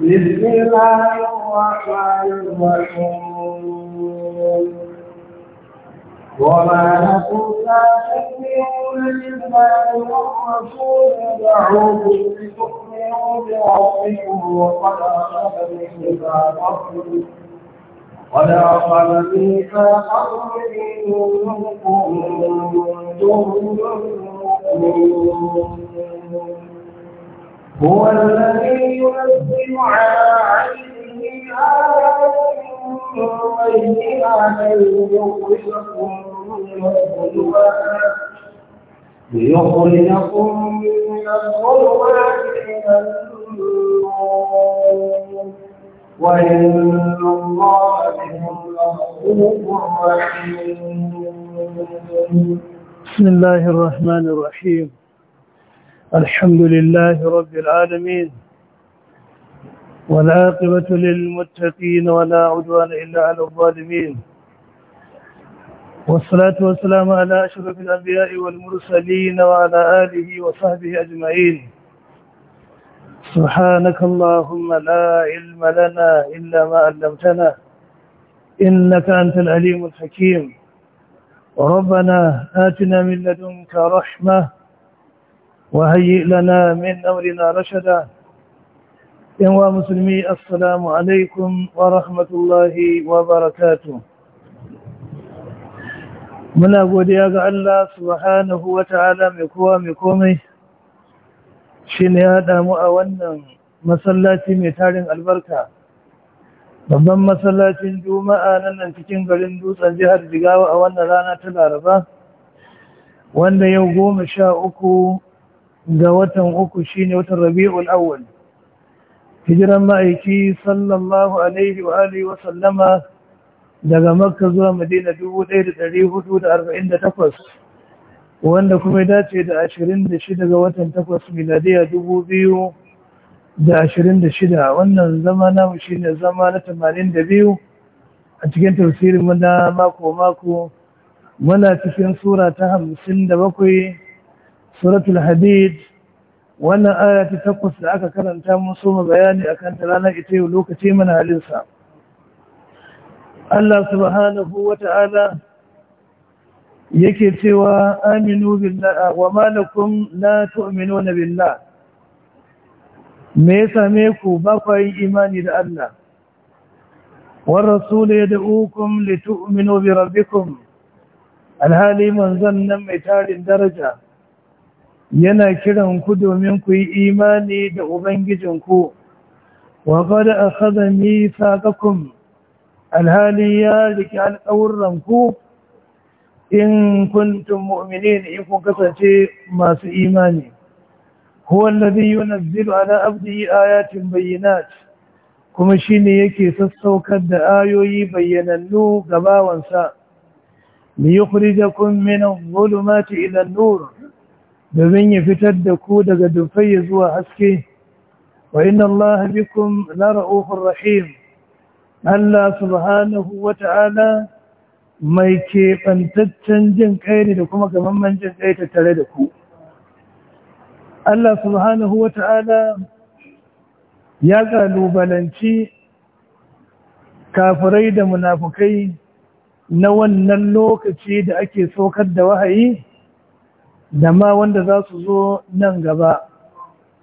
بسم الله الرحمن الرحيم وما لكم لا تؤمنون بالله والرسول يدعوكم لتؤمنوا بربكم وقد أخذ ميثاقكم قد أخذ ميثاقكم إن كنتم مؤمنين هو الذي ينزل على عبده آيات بينات ليخرجكم من الظلمات ليخرجكم من الظلمات إلى النور وإن الله بكم لرؤوف رحيم بسم الله الرحمن الرحيم الحمد لله رب العالمين والعاقبة للمتقين ولا عدوان إلا على الظالمين والصلاة والسلام على أشرف الأنبياء والمرسلين وعلى آله وصحبه أجمعين سبحانك اللهم لا علم لنا إلا ما علمتنا إنك أنت العليم الحكيم ربنا آتنا من لدنك رحمة وهيئ لنا من أمرنا رشدا إنوا مسلمي السلام عليكم ورحمة الله وبركاته muna godiya ga Allah subhanahu wa ta'ala mai kowa mai komai shi ya damu a wannan masallaci mai tarin albarka babban masallacin juma'a nan nan cikin garin dutsen jihar jigawa a wannan rana ta laraba wanda yau goma sha uku ga watan uku shi ne watan rabi'ul awwal hijiran ma'aiki sallallahu alaihi wa alihi wa sallama daga makka zuwa madina 1448 wanda kuma ya dace da 26 ga watan 8 miladiya 2026 wannan zama shi shine zama na 82 a cikin tafsirin na mako-mako muna cikin sura ta 57 suratul hadid wannan aya ta takwas da aka karanta mun so bayani akan ta ranar ita yau lokaci mana halinsa Allah subhanahu wa ta'ala yake cewa aminu billah wa malakum la tu'minuna billah me ya same ku ba ku imani da Allah war rasul yad'ukum tu'minu bi rabbikum alhali manzan nan mai tarin daraja yana kiran ku domin ku yi imani da ubangijinku wa qad akhadha mithaqakum alhali ya riki alƙawurranku in kuntum mu'minin in kun kasance masu imani huwa alladhi yunazzilu ala abdihi ayatin bayyinat kuma shine yake sassaukar da ayoyi bayyanannu ga bawansa liyukhrijakum min kun dhulumati ila an-nur domin ya fitar da ku daga dufai zuwa haske wa inna Allah bikum la ra'ufur rahim Allah subhanahu wa ta'ala mai keɓantaccen jin kai ne da kuma gamamman jin kai tare da ku Allah subhanahu wa ta'ala ya ƙalubalanci kafirai da munafukai na wannan lokaci da ake saukar da wahayi da ma wanda za su zo nan gaba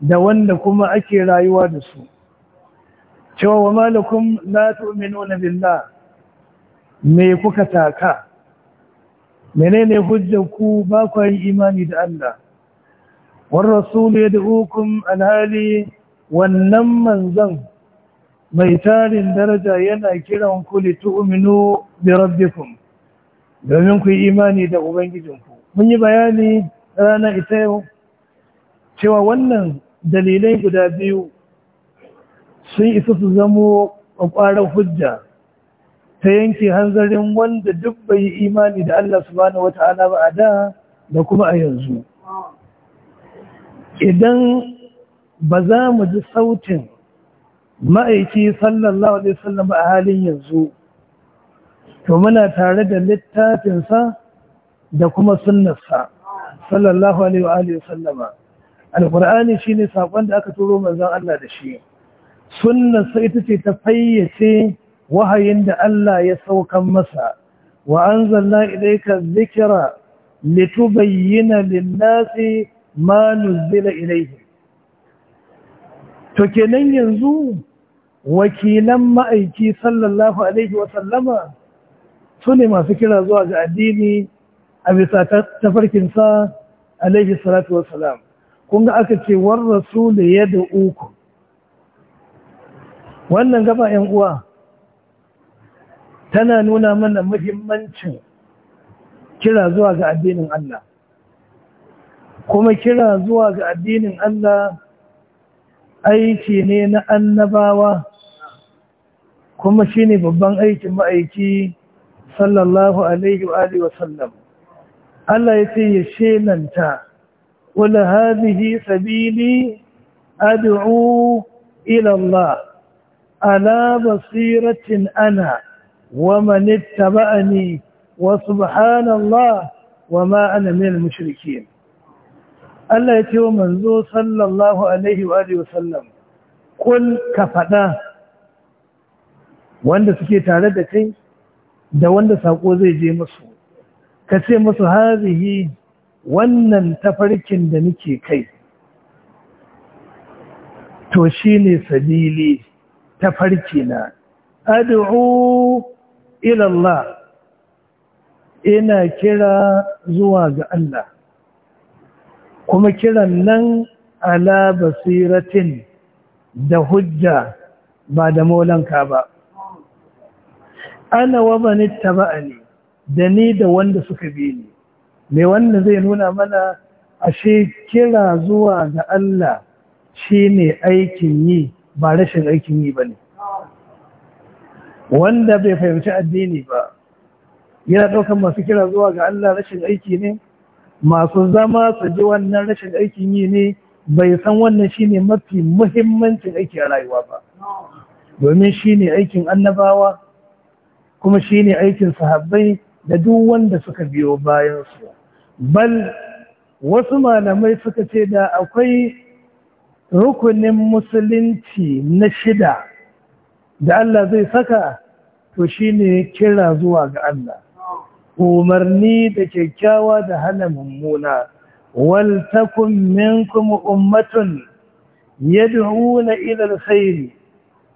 da wanda kuma ake rayuwa da su cewa wa malakum la tu'minuna billah me kuka taka menene hujjar ku ba ku imani da Allah war rasul yad'ukum alhali wannan manzon mai tarin daraja yana kiran ku li tu'minu bi rabbikum domin ku yi imani da ubangijinku mun yi bayani rana ita yau cewa wannan dalilai guda biyu sun isa su zamo ƙwaƙwarar hujja ta yanke hanzarin wanda duk bai imani da Allah subhanahu wata'ala ba a da da kuma a yanzu idan ba za mu ji sautin ma'aiki sallallahu alaihi wasallam a halin yanzu to muna tare da littafinsa da kuma sunnarsa sallallahu alaihi wa alihi sallama alqur'ani shine sakon da aka turo manzon Allah da shi sunnan sai ita ce ta fayyace wahayin da Allah ya saukan masa wa anzalna ilayka dhikra litubayyana lin-nasi ma nuzila ilayhi to kenan yanzu wakilan ma'aiki sallallahu alaihi wa sallama su ne masu kira zuwa ga addini a bisa tafarkinsa alaihi salatu salam. kun ga aka ce war da uku? wannan gaba yan uwa tana nuna mana muhimmancin kira zuwa ga addinin Allah kuma kira zuwa ga addinin Allah aiki ne na annabawa kuma shine babban aikin ma'aiki sallallahu alaihi wa alihi wa sallam Allah ya ce ya shelanta wala hadhihi sabili ad'u ila Allah ala basiratin ana wa man ba'ani wa subhanallah wa ma ana Allah ya ce wa manzo sallallahu alaihi wa alihi wasallam kul ka wanda suke tare da kai da wanda sako zai je musu ka ce musu hazihi wannan tafarkin da nake kai to shi ne sabili tafarki na adu'u ila ina kira zuwa ga Allah kuma kiran nan ala basiratin da hujja ba da molanka ba ana wa bani taba'ani da ni da wanda suka bi ni mai wanda zai nuna mana ashe kira zuwa ga Allah shi ne aikin yi ba rashin aikin yi ba ne? wanda bai fahimci addini ba yana ɗaukar masu kira zuwa ga Allah rashin aiki ne masu zama su ji wannan rashin aikin yi ne bai san wannan ne mafi muhimmancin aiki a rayuwa ba domin shi ne aikin annabawa kuma shi ne aikin sahabbai da duk wanda suka biyo bayansu bal wasu malamai suka ce da akwai rukunin musulunci na shida da Allah zai saka to shine kira zuwa ga Allah umarni da kyakkyawa da hana mummuna wal minkum ummatun yad'una ila al-khayr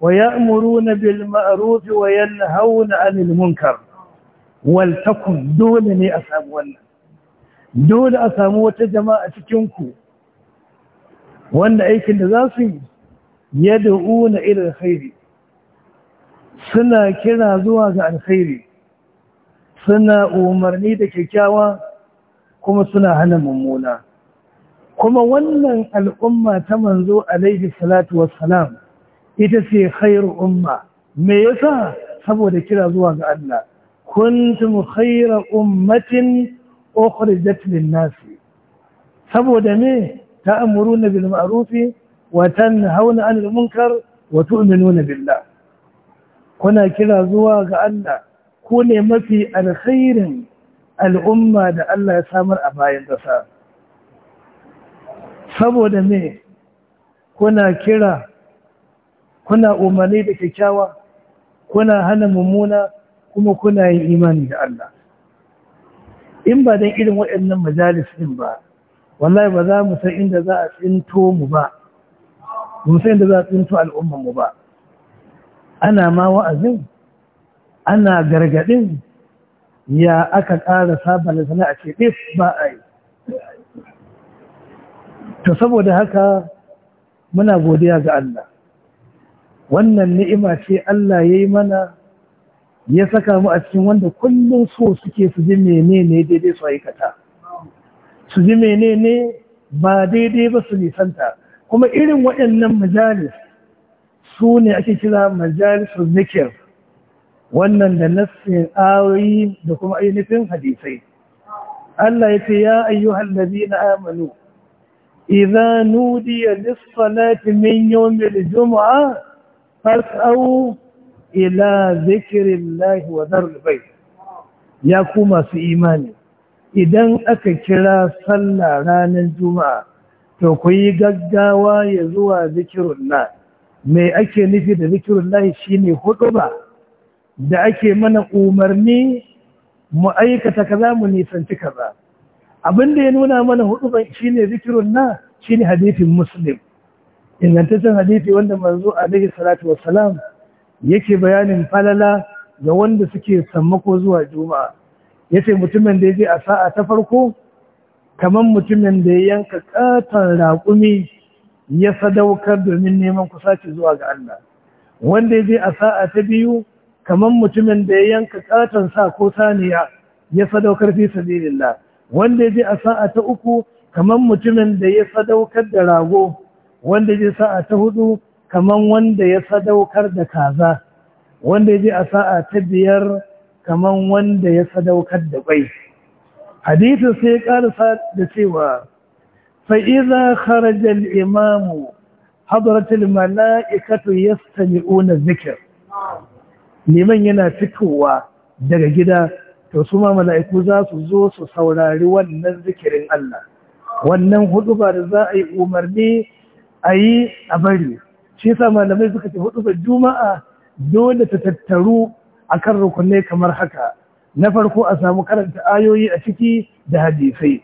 wa ya'muruna bil ma'ruf wa yanhauna 'anil munkar waltakun dole ne a samu wannan dole a samu wata jama'a cikinku wanda aikin da za su yi yadda una irin khairi suna kira zuwa ga alkhairi suna umarni da kyakkyawa kuma suna hana mummuna kuma wannan al'umma ta manzo alaihi salatu wassalam ita ce khairu umma me yasa saboda kira zuwa ga Allah kuntum khayra ummatin ukhrijat lin-nas saboda me ta'muruna bil ma'ruf wa tanhauna 'anil munkar wa tu'minuna billah kuna kira zuwa ga Allah ko ne mafi alkhairin al'umma da Allah ya samar a bayan ƙasa saboda me kuna kira kuna umarni da kyakkyawa kuna hana mummuna kuma kuna yin imani da Allah in ba dan irin waɗannan majalis din ba wallahi ba za mu san inda za a tsinto mu ba mu san inda za a tsinto al'umman mu ba ana ma wa'azin ana gargadin ya aka ƙara sabon sana'a ce ɗif ba a yi to saboda haka muna godiya ga Allah wannan ni'ima ce Allah ya yi mana ya saka mu a cikin wanda kullum so suke su ji menene daidai su aikata su ji menene ba daidai ba su nisanta kuma irin waɗannan majalis su ne ake kira majalisar zikir wannan da nassin ayoyi da kuma ainihin hadisai Allah ya ce ya ayyuhal na amanu idza nudiya lis-salati min yawmil jumu'ah fas'au ila zikirillahi wa zarul ya ku masu imani idan aka kira sallah ranar juma'a to ku yi gaggawa ya zuwa zikirullah mai ake nufi da zikirullah shine ba? da ake mana umarni mu aikata ka za mu nisanci kaza abin da ya nuna mana shi ne huduban na shi ne hadifin muslim ingantaccen hadisi wanda manzo a salatu salam. yake bayanin falala ga wanda suke sammako zuwa juma'a yace mutumin da yaje a sa'a ta farko kaman mutumin da ya yanka katon raƙumi ya sadaukar domin neman kusa ce zuwa ga Allah wanda yaje a sa'a ta biyu kamar mutumin da ya yanka katon sa ko saniya ya sadaukar fi sabilillah wanda yaje a sa'a ta uku kamar mutumin da ya sadaukar da rago wanda yaje sa'a ta hudu kaman wanda ya sadaukar da kaza wanda ya je a sa'a ta biyar kaman wanda ya sadaukar da bai hadisi sai ya sa da cewa fa'iza kharajar imamu hadratul mala'ikatu ya sami'una zikir liman yana fitowa daga gida to su ma mala'iku za su zo su saurari wannan zikirin Allah wannan hudu ba da za a yi umarni a yi a bari shi yasa malamai suka ce hudu juma'a dole ta tattaru akan rukunai kamar haka na farko a samu karanta ayoyi a ciki da hadisai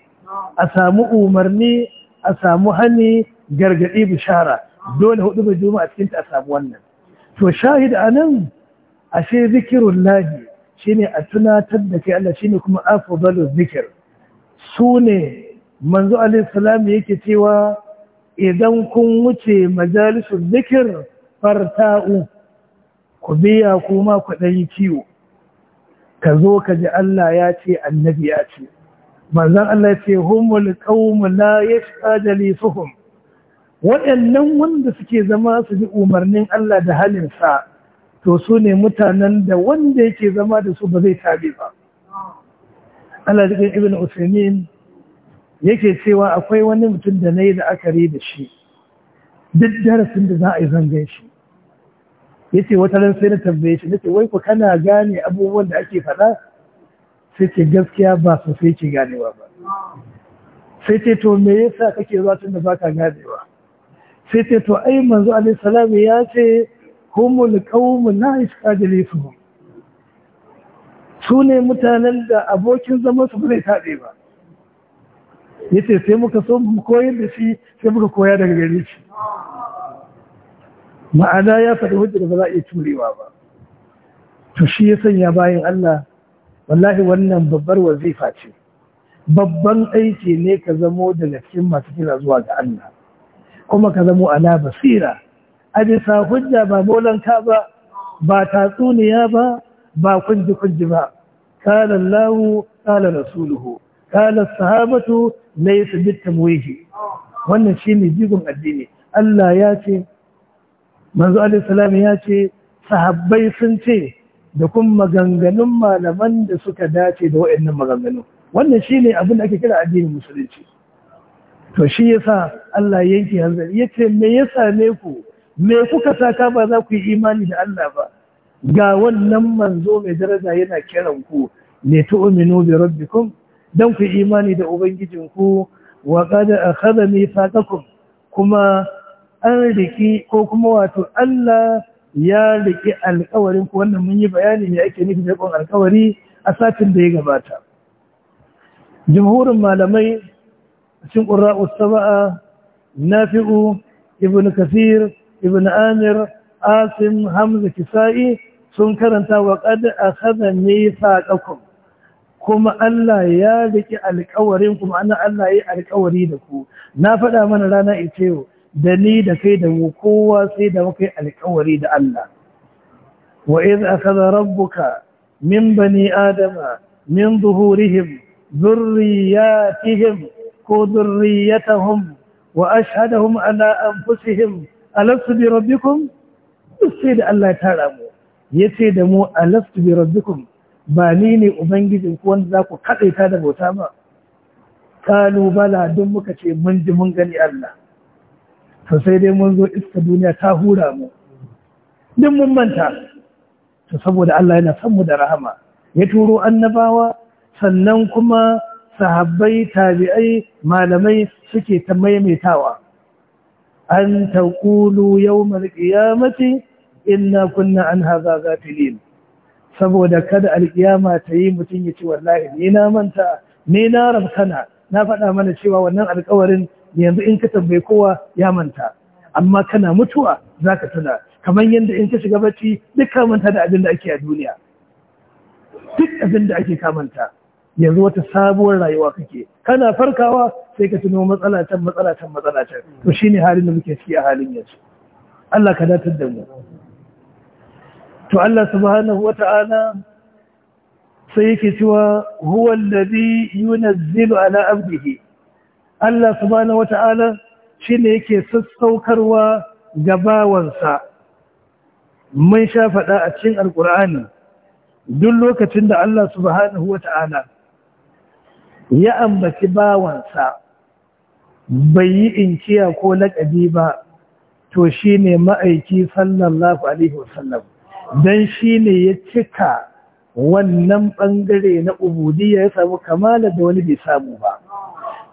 a samu umarni a samu hani gargadi bishara dole hudu juma'a cikin ta a samu wannan to shahid anan ashe zikirullahi shine a tunatar da kai Allah shine kuma afdalu zikir sune manzo alaihi salam yake cewa idan kun wuce majalisun zikir farta'u ku biya kuma ku ɗan kiwo ka zo ka ji Allah ya ce annabi ya ce manzan Allah ce humul ya la yashqa jalisuhum waɗannan wanda suke zama su ji umarnin Allah da halinsa, to su ne mutanen da wanda yake zama da su ba zai tabe ba Allah jikin Ibn Usaimin yake cewa akwai wani mutum da na yi la'akari da shi duk darasin da za a yi zangon shi ya ce wata ran sai na tambaye shi ce wai ku kana gane abubuwan da ake faɗa sai ce gaskiya ba su sai ke ganewa ba sai ce to me yasa kake zuwa tun da baka ganewa sai ce to ai manzo alai salam ya ce humul qaumun la yashqajilisuhum su ne mutanen da abokin zaman su bai taɓe ba Ya ce sai muka so mu koyar da shi sai muka koya daga gare shi ma'ana ya faɗi hujja da ba za a iya turewa ba to shi ya sanya bayan Allah wallahi wannan babbar wazifa ce babban aiki ne ka zamo daga cikin masu kira zuwa ga Allah kuma ka zamo ala basira a bisa hujja ba ka ba ba tatsuniya ba ba kunji kunji ba kana Allahu kana rasuluhu qala sahabatu laysa bitamwiji wannan ne jigon addini Allah ya ce manzo alaihi ya ce sahabbai sun ce da kun maganganun malaman da suka dace da waɗannan maganganu wannan shine abin da ake kira addinin musulunci to shi yasa Allah yanke hanzari yace me ya same ku me kuka saka ba za ku yi imani da Allah ba ga wannan manzo mai daraja yana kiran ku ne tu'minu bi rabbikum don ku imani da ubangijinku wa kada akhadha mithaqakum kuma an riki ko kuma wato Allah ya riki alƙawarin ku wannan mun yi bayani ne ake nufi da alƙawari a satin da ya gabata jumhurin malamai cikin qurra'u saba'a nafi'u ibn kasir ibn amir asim hamza kisa'i sun karanta wa kada akhadha mithaqakum kuma Allah ya riki alƙawarin kuma ana Allah ya yi alƙawari da ku na faɗa mana rana ita yau da ni da kai da mu kowa sai da muka yi alƙawari da Allah wa iz akhadha rabbuka min bani adama min zuhurihim zurriyatihim, ko zurriyatahum wa ashhadahum ala anfusihim alastu bi rabbikum sai da Allah ya tara mu yace da mu alastu bi rabbikum ba ni ne ubangijin ku wanda za ku kaɗaita da bauta ba kalu bala don muka ce mun ji mun gani Allah to sai dai mun zo iska duniya ta hura mu duk mun manta to saboda Allah yana son mu da rahama ya turo annabawa sannan kuma sahabbai tabi'ai malamai suke ta maimaitawa an taqulu yawmal In inna kunna an haza ghafilin saboda kada alkiyama ta yi mutum ya ce wallahi ne na manta ne na rabtana na faɗa mana cewa wannan alkawarin yanzu in ka tambaye kowa ya manta amma kana mutuwa za ka tuna kamar yadda in ka shiga bacci duk ka manta da abin da ake a duniya duk abin da ake kamanta yanzu wata sabuwar rayuwa kake kana farkawa sai ka tuno matsala can matsala can matsala can to shine halin da muke ciki a halin yanzu Allah ka datar da mu to Allah subhanahu wata'ala sai yake cewa huwa alladhi yunazzilu ala abdihi Allah subhanahu wata'ala shine yake sassaukarwa ga bawansa mun sha faɗa a cikin alkur'ani duk lokacin da Allah subhanahu wata'ala ya ambaci bawansa bai yi inkiya ko laƙabi ba to shine ma'aiki sallallahu alaihi wasallam don shi ne ya cika wannan ɓangare na ubudiyya ya samu kamala da wani bai samu ba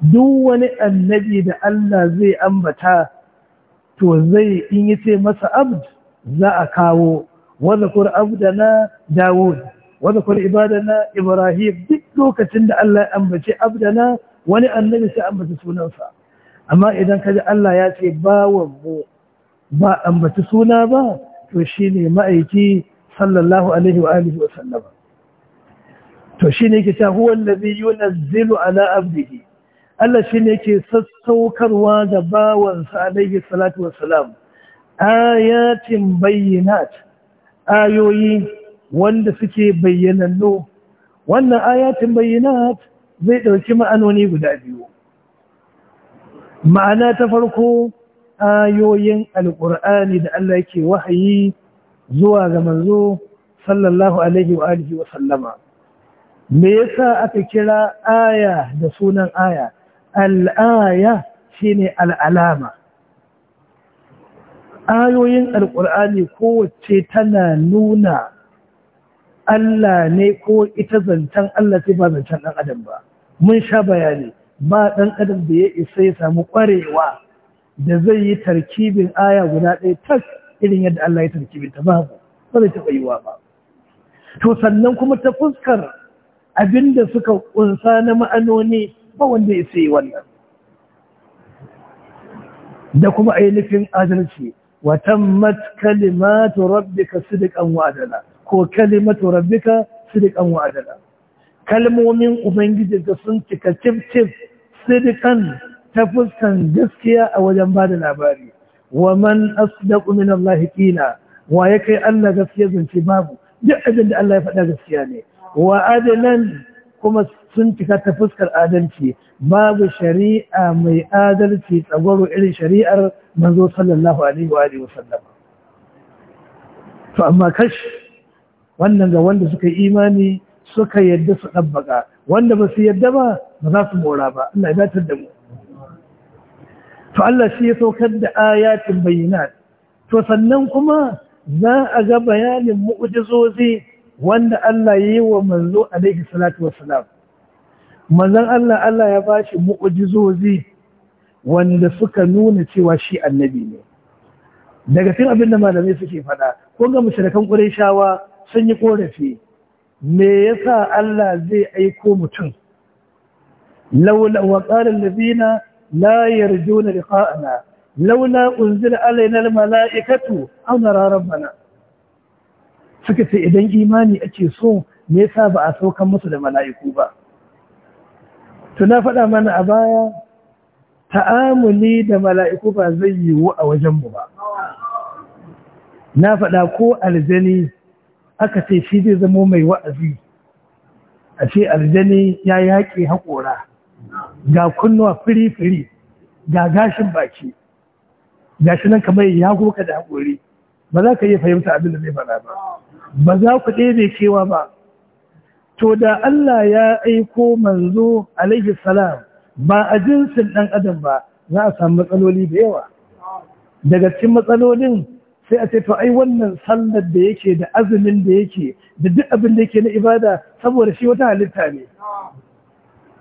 duk wani annabi da Allah zai ambata to zai in yi ce masa abd za a kawo wadda kur abdana dawud wadda kur ibadana ibrahim duk lokacin da Allah ya ambace abdana wani annabi sai ambaci sunansa amma idan kaji Allah ya ce bawan mu ba ambaci suna ba to shi ne ma'aiki sallallahu alaihi wa alihi wa sallama. to shi ne ke cewa huwa allazi yunazzilu ala abdihi Allah shi ne ke sassaukarwa ga bawansa alaihi salatu wa salam ayatin bayyinat ayoyi wanda suke bayyanannu wannan ayatin bayyana zai ɗauki ma'anoni guda biyu ma'ana ta farko ayoyin alƙur'ani da Allah yake wahayi zuwa ga manzo sallallahu alaihi wa alihi wa sallama me yasa aka kira aya da sunan aya al'aya shine al'alama ayoyin alƙur'ani kowace tana nuna Allah ne ko ita zancen Allah ce ba zancen ɗan adam ba mun sha bayani ba ɗan adam da ya isa ya samu ƙwarewa da zai yi tarkibin aya guda ɗaya tas irin yadda Allah ya tarkibin ta babu ba zai taɓa yiwa ba to sannan kuma ta fuskar abinda suka ƙunsa na ma'anoni ba wanda ya sai wannan da kuma ainihin adalci watammat kalimatu rabbika sidqan wa adala ko kalimatu rabbika sidqan wa adala kalmomin ubangiji da sun cika cif cif sidqan ta fuskan gaskiya a wajen ba da labari wa man asdaqu min Allah qila wa ya kai Allah gaskiya zance babu duk abin da Allah ya faɗa gaskiya ne wa adalan kuma sun cika ta fuskar adalci babu shari'a mai adalci tsagwaro irin shari'ar manzo sallallahu alaihi wa alihi wasallam to amma kash wannan ga wanda suka imani suka yadda su dabbaka wanda ba su yadda ba ba za su mora ba Allah ya datar da mu to Allah shi ya saukar da ayatin bayyinat to sannan kuma za a ga bayanin mu'jizozi wanda Allah ya yi wa manzo alaihi salatu wassalam manzon Allah Allah ya bashi mu'ujizozi wanda suka nuna cewa shi annabi ne daga cikin abin da malamai suke faɗa ko ga mushrikan Qurayshawa sun yi korafi me yasa Allah zai aiko mutum laula wa qala allazina لا يرجون لقاءنا لولا أنزل علينا الملائكة أو نرى ربنا suka ce idan imani ake so me yasa ba a saukan musu da mala'iku ba to na faɗa mana a baya ta'amuli da mala'iku ba zai yiwu a wajenmu ba na faɗa ko aljani aka ce shi zai zamo mai wa'azi a ce aljani ya yaƙi haƙora ga kunnuwa firifiri, ga gashin baki ga shi nan kamar ya goka da hakori, ba za ka iya fahimta abin da zai fara ba ba za ku ɗebe cewa ba to da Allah ya aiko manzo alaihi salam ba a jinsin ɗan adam ba za a samu matsaloli da yawa daga cikin matsalolin sai a ce to ai wannan sallar da yake da azumin da yake da duk abin da yake na ibada saboda shi wata halitta ne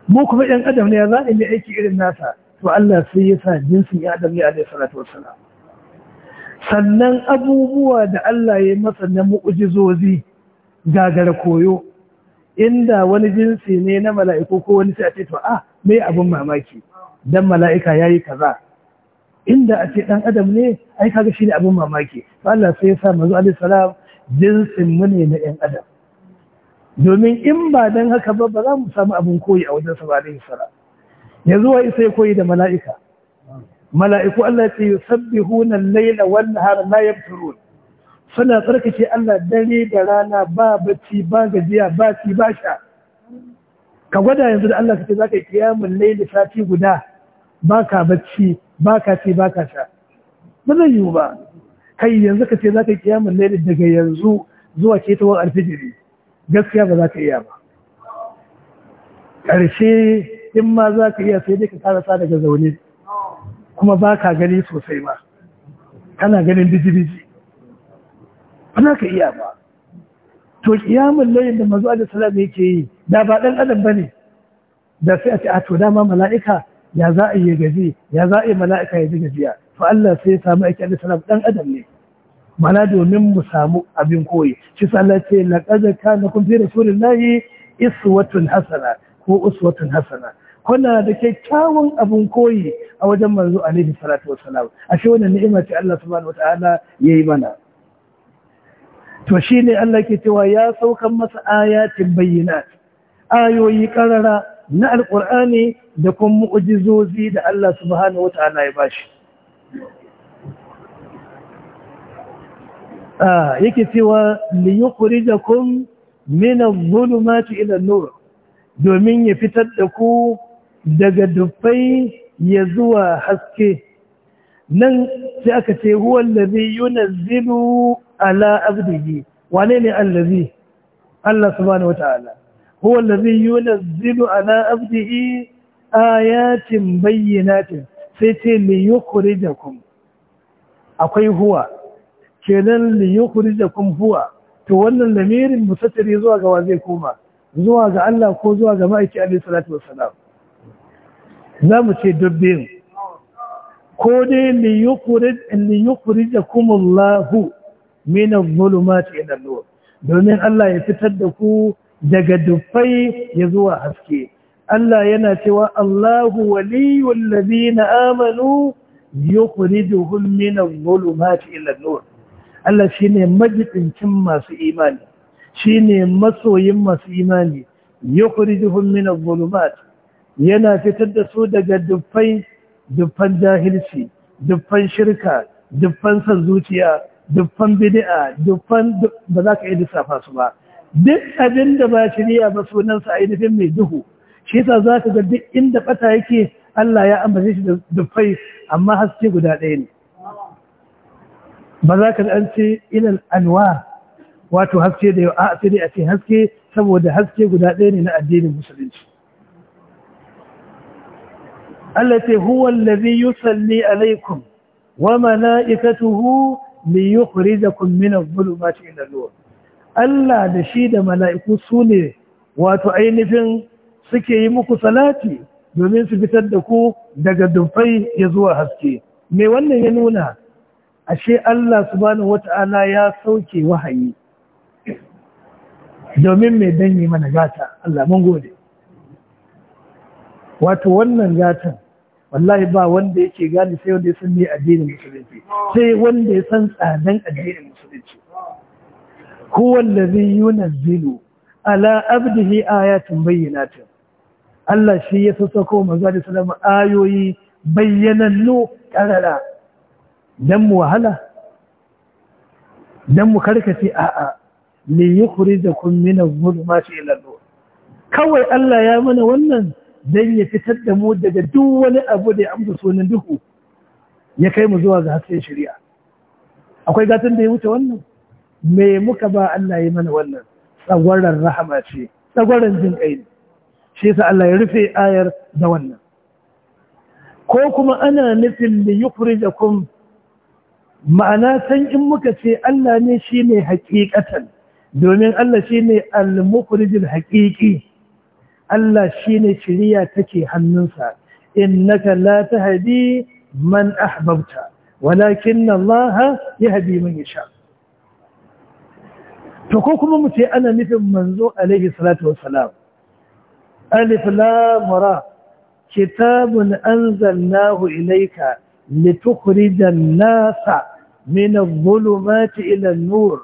mu kuma ɗan adam ne za a yi aiki irin nasa to Allah sai ya sa jinsin ya adam ne a salatu Salam. sannan abubuwa da Allah ya masa na mu'ujizozi gagara koyo inda wani jinsi ne na mala'iku ko wani sai a ce to a ah, me abin mamaki dan mala'ika yayi kaza inda a ce ɗan adam ne ai kaga ne abin mamaki to Allah sai ya sa manzo alaihi salam jinsin mu ne na ɗan adam domin in ba don haka ba ba za mu samu abin koyi a wajen sama alaihi salam yanzu isa ya koyi da mala'ika mala'iku Allah ce sabbi hunan laila har na ya yabturun suna tsarkace Allah dare da rana ba bacci ba gajiya ba ci ba sha ka gwada yanzu da Allah ka za ka yi kiyamul layli sati guda baka bacci baka ci baka sha ba zai yiwu ba kai yanzu ka za ka yi kiyamun laila daga yanzu zuwa ketowar alfijiri gaskiya ba za ka iya ba ƙarshe in ma za ka iya sai dai ka karasa daga zaune kuma ba ka gani sosai ba kana ganin biji-biji ba za ka iya ba to ƙiyamun layin da mazu da salam yake yi da ba ɗan adam ba ne da sai a ce a to dama mala'ika ya za a yi gaji ya za a yi mala'ika ya ji gajiya to Allah sai ya samu aiki da salam ɗan adam ne mana domin mu samu abin koyi shi sallah ce laqad kana kun fi rasulillahi iswatun hasana ko uswatun hasana kuna da kyakkyawan abin koyi a wajen manzo alaihi salatu a ashe wannan ni'ima ce Allah subhanahu wataala yayi mana to shi ne Allah ke cewa ya saukan masa ayatin bayyinat ayoyi karara na alqur'ani da kuma mu'jizozi da Allah subhanahu wataala ya bashi yake cewa li yukhrijakum min adh-dhulumati ila an-nur domin ya fitar da ku daga dufai ya zuwa haske nan sai aka ce huwa allazi zinu ala abdihi wane ne allazi Allah subhanahu wataala huwa allazi zinu ala abdihi ayatin bayyinatin sai ce li yukhrijakum akwai huwa kenan li yukhrijakum huwa to wannan lamirin mutatari zuwa ga wa zai koma zuwa ga Allah ko zuwa ga ma'aiki Ali salatu wassalam za mu ce dubbin ko dai li yukhrij li yukhrijakum Allah min adh-dhulumati ila nur domin Allah ya fitar da ku daga dufai ya zuwa haske Allah yana cewa Allahu waliyul ladina amanu yukhrijuhum min adh-dhulumati ila an-nur Allah shi shine majidincin masu imani shi ne masoyin masu imani yukhrijuhum min adh yana fitar da su daga dufai dufan jahilci dufan shirka dufan san zuciya dufan bidi'a dufan ba za ka yi lissafa su ba duk abin da ba shirya ba sunansa a yi nufin mai duhu shi yasa za ka ga duk inda bata yake Allah ya ambace shi da dufai amma haske guda ɗaya ne ba za ka an ce ilal alwa wato haske da yawa a sai dai a ce haske saboda haske guda ɗaya ne na addinin musulunci Allah ce huwa allazi yusalli alaikum wa mala'ikatuhu li yukhrijakum min adh-dhulumati ila an-nur Allah da shi da mala'iku su ne wato ainihin suke yi muku salati domin su fitar da ku daga dumfai ya zuwa haske me wannan ya nuna ashe Allah subhanahu wata'ala ya sauke wahayi domin mai danyi mana gata Allah mun gode wato wannan gatan wallahi ba wanda yake gani sai wanda ya san me addinin musulunci sai wanda ya san tsadan addinin musulunci huwa allazi yunzilu ala abdihi ayatin bayyinatin Allah shi ya sassako manzo da sallama ayoyi bayyanannu karara dan mu wahala dan mu karkace a'a li yukhrijakum min adh-dhulumati ila an-nur kawai Allah ya mana wannan dan ya fitar da mu daga duk wani abu da ya amsa sunan duhu ya kai mu zuwa ga hasken shari'a akwai gatan da ya wuce wannan me muka ba Allah ya mana wannan tsagwaran rahama ce tsagwaran jin kai shi yasa Allah ya rufe ayar da wannan ko kuma ana nufin li yukhrijakum ma'ana san in muka ce Allah ne shi ne haƙiƙatan, domin Allah shi ne al-mukhrijul Allah shi ne shiriya take hannunsa innaka la tahdi man ahbabta walakin Allah yahdi man yasha to ko kuma mu ce ana nufin manzo alaihi salatu wassalam alif kitabun an zanna anzalnahu ilaika. لتخرج الناس من الظلمات Nur, النور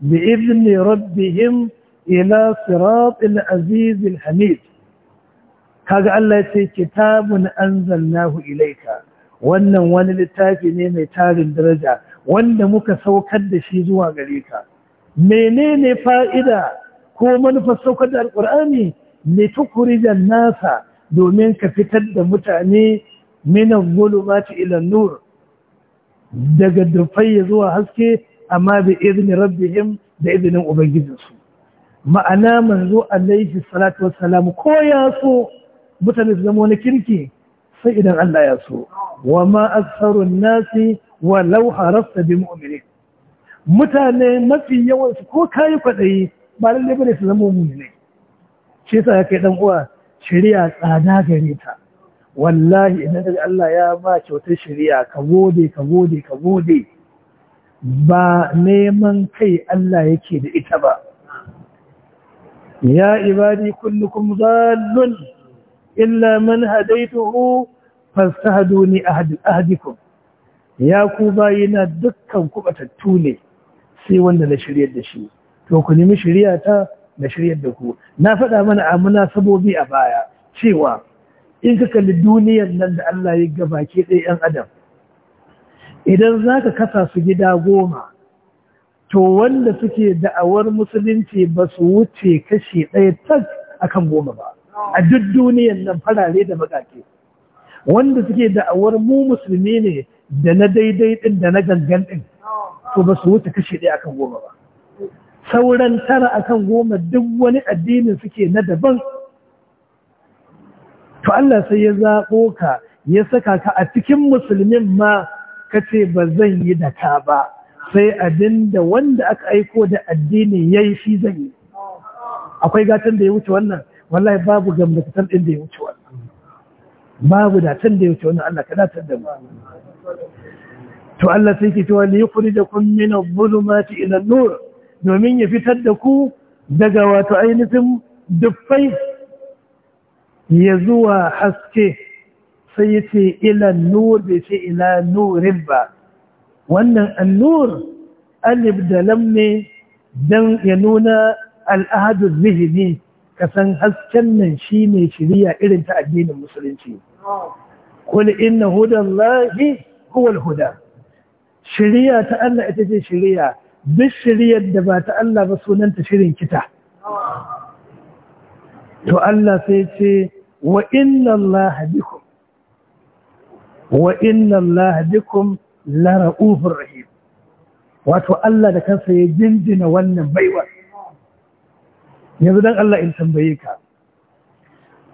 بإذن ربهم إلى صراط العزيز الحميد kaga Allah ya ce kitabun anzalnahu ilayka wannan wani littafi ne mai tarin daraja wanda muka saukar da shi zuwa gare ka menene fa'ida ko manufar saukar da alqur'ani ne tukurijan nasa domin ka fitar da mutane min adh Mati, ila nur daga dufai zuwa haske amma bi izni rabbihim da izinin ubangijinsu ma'ana manzo alaihi salatu wassalam ko ya so mutane su zama wani kirki sai idan Allah ya so wa ma aktharun nasi lauha harasta bi mu'minin mutane mafi yawan su ko kayi kwadayi ba lalle bane su zama mu'mini shi yasa ya kai dan uwa shari'a tsada gare ta wallahi idan daga Allah ya ba kyautar shari'a ka gode ka gode ka gode ba neman kai Allah yake da ita ba ya ibadi kullukum zallun illa man hadaituhu fastahaduni ahdikum ya ku bayina dukkan kubatattu ne sai wanda na shiryar da shi to ku nemi shirya ta na shiryar da ku na faɗa mana a munasabobi a baya cewa in ka kalli duniyar nan da Allah ya gaba baki ɗaya 'yan adam idan za ka kasa su gida goma to wanda suke da'awar musulunci ba su wuce kashi ɗaya tak akan goma ba a duk duniyar nan farare da baƙaƙe wanda suke da'awar mu musulmi ne da na daidai ɗin da na gangan ɗin to ba su wuce kashi ɗaya akan goma ba sauran tara akan goma duk wani addinin suke na daban to Allah sai ya zaɓo ka ya saka ka a cikin musulmin ma ka ce ba zan yi da ka ba sai abin da wanda aka aiko da addini ya yi shi zan yi akwai gatan da ya wuce wannan wallahi babu gamdakatan ɗin da ya wuce wannan babu datan da ya wuce wannan Allah ka datar da mu to Allah sai ke cewa liyukhrijakum min adh-dhulumati ila an-nur domin ya fitar da ku daga wato ainihin dufai ya zuwa haske sai ya ce ilan nur bai ce ila nurin ba wannan annur alif da lam ne don ya nuna al'adun zihini ka san hasken nan shi ne shirya irin ta addinin musulunci kul inna hudan lahi huwal huda shirya ta Allah ita ce shirya duk shiryar da ba ta Allah ba sunanta shirin kita oh. to Allah sai ce wa inna Allah bikum wa inna Allah bikum la ra'ufur rahim wato Allah da kansa ya jindina wannan baiwa yanzu dan Allah in tambaye ka